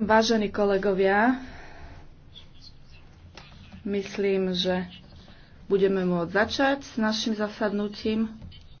Vážení kolegovia, myslím, že budeme môcť začať s našim zasadnutím.